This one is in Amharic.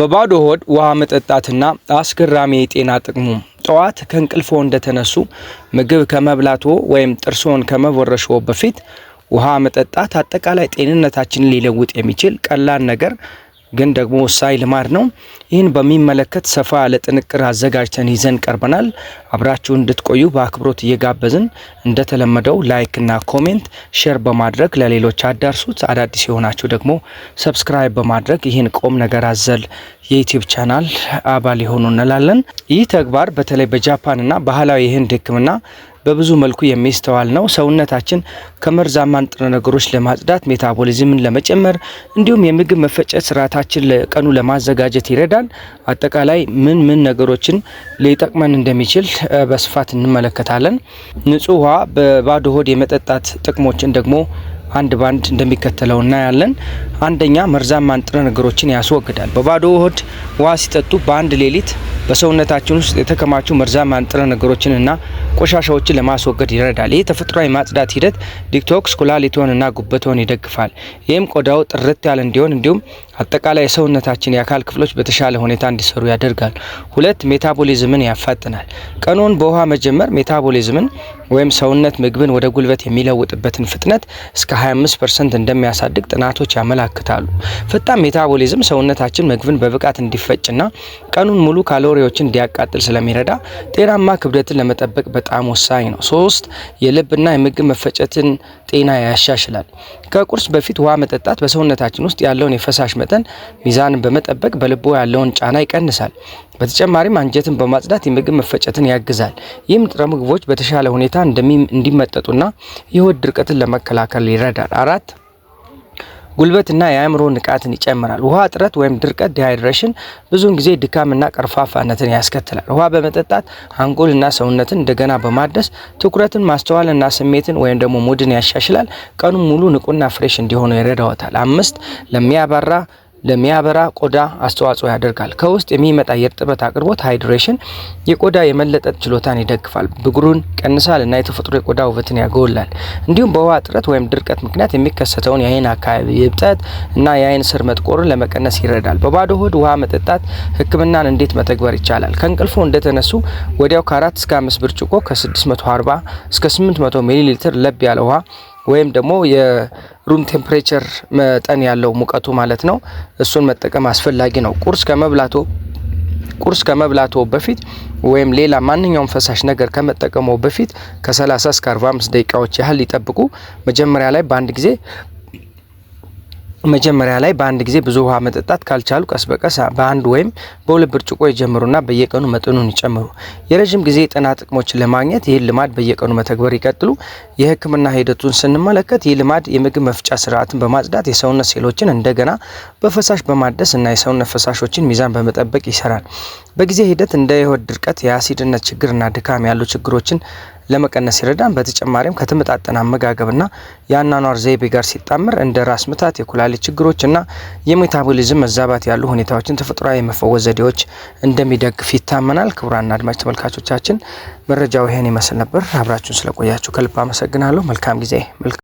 በባዶ ሆድ ውሃ መጠጣትና አስገራሚ የጤና ጥቅሙ። ጠዋት ከእንቅልፎ እንደተነሱ ምግብ ከመብላቶ ወይም ጥርሶን ከመቦረሾ በፊት ውሃ መጠጣት አጠቃላይ ጤንነታችንን ሊለውጥ የሚችል ቀላል ነገር ግን ደግሞ ወሳኝ ልማድ ነው። ይህን በሚመለከት ሰፋ ያለ ጥንቅር አዘጋጅተን ይዘን ቀርበናል። አብራችሁ እንድትቆዩ በአክብሮት እየጋበዝን እንደተለመደው ላይክና ኮሜንት፣ ሼር በማድረግ ለሌሎች አዳርሱት። አዳዲስ የሆናችሁ ደግሞ ሰብስክራይብ በማድረግ ይህን ቁም ነገር አዘል የዩቲዩብ ቻናል አባል የሆኑ እንላለን። ይህ ተግባር በተለይ በጃፓንና ባህላዊ የህንድ ህክምና በብዙ መልኩ የሚስተዋል ነው። ሰውነታችን ከመርዛማ ንጥረ ነገሮች ለማጽዳት፣ ሜታቦሊዝምን ለመጨመር እንዲሁም የምግብ መፈጨት ስርዓታችን ለቀኑ ለማዘጋጀት ይረዳል። አጠቃላይ ምን ምን ነገሮችን ሊጠቅመን እንደሚችል በስፋት እንመለከታለን። ንጹህ ውሃ በባዶ ሆድ የመጠጣት ጥቅሞችን ደግሞ አንድ ባንድ እንደሚከተለው እናያለን። አንደኛ መርዛማ ንጥረ ነገሮችን ያስወግዳል። በባዶ ሆድ ውሃ ሲጠጡ በአንድ ሌሊት በሰውነታችን ውስጥ የተከማቹ መርዛማ ንጥረ ነገሮችንና ቆሻሻዎችን ለማስወገድ ይረዳል። ይህ ተፈጥሯዊ ማጽዳት ሂደት ዲቶክስ ኩላሊትዎንና ጉበትዎን ይደግፋል። ይህም ቆዳው ጥርት ያለ እንዲሆን እንዲሁም አጠቃላይ የሰውነታችን የአካል ክፍሎች በተሻለ ሁኔታ እንዲሰሩ ያደርጋል። ሁለት ሜታቦሊዝምን ያፋጥናል። ቀኑን በውሃ መጀመር ሜታቦሊዝምን ወይም ሰውነት ምግብን ወደ ጉልበት የሚለውጥበትን ፍጥነት እስከ 25 ፐርሰንት እንደሚያሳድግ ጥናቶች ያመላክታሉ። ፈጣን ሜታቦሊዝም ሰውነታችን ምግብን በብቃት እንዲፈጭና ቀኑን ሙሉ ካሎሪዎችን እንዲያቃጥል ስለሚረዳ ጤናማ ክብደትን ለመጠበቅ በጣም ወሳኝ ነው። ሶስት የልብና የምግብ መፈጨትን ጤና ያሻሽላል። ከቁርስ በፊት ውሃ መጠጣት በሰውነታችን ውስጥ ያለውን የፈሳሽ መጠን ሚዛንን በመጠበቅ በልቦ ያለውን ጫና ይቀንሳል። በተጨማሪም አንጀትን በማጽዳት የምግብ መፈጨትን ያግዛል። ይህም ንጥረ ምግቦች በተሻለ ሁኔታ እንዲመጠጡና የሆድ ድርቀትን ለመከላከል ይረዳል። አራት ጉልበትና የአእምሮ ንቃትን ይጨምራል። ውሃ እጥረት ወይም ድርቀት ዲሃይድሬሽን ብዙውን ጊዜ ድካምና ቀርፋፋነትን ያስከትላል። ውሃ በመጠጣት አንጎልና ሰውነትን እንደገና በማደስ ትኩረትን፣ ማስተዋልና ስሜትን ወይም ደግሞ ሙድን ያሻሽላል። ቀኑ ሙሉ ንቁና ፍሬሽ እንዲሆኑ ይረዳዎታል። አምስት ለሚያባራ ለሚያበራ ቆዳ አስተዋጽኦ ያደርጋል። ከውስጥ የሚመጣ የእርጥበት አቅርቦት ሃይድሬሽን የቆዳ የመለጠጥ ችሎታን ይደግፋል፣ ብጉሩን ቀንሳል እና የተፈጥሮ የቆዳ ውበትን ያጎላል። እንዲሁም በውሃ እጥረት ወይም ድርቀት ምክንያት የሚከሰተውን የአይን አካባቢ እብጠት እና የአይን ስር መጥቆርን ለመቀነስ ይረዳል። በባዶ ሆድ ውሃ መጠጣት ህክምናን እንዴት መተግበር ይቻላል? ከእንቅልፎ እንደተነሱ ወዲያው ከ4 እስከ 5 ብርጭቆ ከ640 እስከ 800 ሚሊ ሊትር ለብ ያለ ውሃ ወይም ደግሞ የሩም ቴምፕሬቸር መጠን ያለው ሙቀቱ ማለት ነው። እሱን መጠቀም አስፈላጊ ነው። ቁርስ ከመብላቶ ቁርስ ከመብላቶ በፊት ወይም ሌላ ማንኛውም ፈሳሽ ነገር ከመጠቀመው በፊት ከ30 እስከ 45 ደቂቃዎች ያህል ይጠብቁ። መጀመሪያ ላይ በአንድ ጊዜ መጀመሪያ ላይ በአንድ ጊዜ ብዙ ውሃ መጠጣት ካልቻሉ ቀስ በቀስ በአንድ ወይም በሁለት ብርጭቆ ይጀምሩና በየቀኑ መጠኑን ይጨምሩ። የረዥም ጊዜ የጤና ጥቅሞችን ለማግኘት ይህን ልማድ በየቀኑ መተግበር ይቀጥሉ። የሕክምና ሂደቱን ስንመለከት ይህ ልማድ የምግብ መፍጫ ስርዓትን በማጽዳት የሰውነት ሴሎችን እንደገና በፈሳሽ በማደስ እና የሰውነት ፈሳሾችን ሚዛን በመጠበቅ ይሰራል። በጊዜ ሂደት እንደ የሆድ ድርቀት፣ የአሲድነት ችግርና ድካም ያሉ ችግሮችን ለመቀነስ ይረዳን። በተጨማሪም ከተመጣጠነ አመጋገብና የአኗኗር ዘይቤ ጋር ሲጣምር እንደ ራስ ምታት፣ የኩላሊት ችግሮችና የሜታቦሊዝም መዛባት ያሉ ሁኔታዎችን ተፈጥሯዊ የመፈወስ ዘዴዎች እንደሚደግፍ ይታመናል። ክቡራን አድማጭ ተመልካቾቻችን መረጃው ይሄን ይመስል ነበር። አብራችሁን ስለቆያችሁ ከልብ አመሰግናለሁ። መልካም ጊዜ።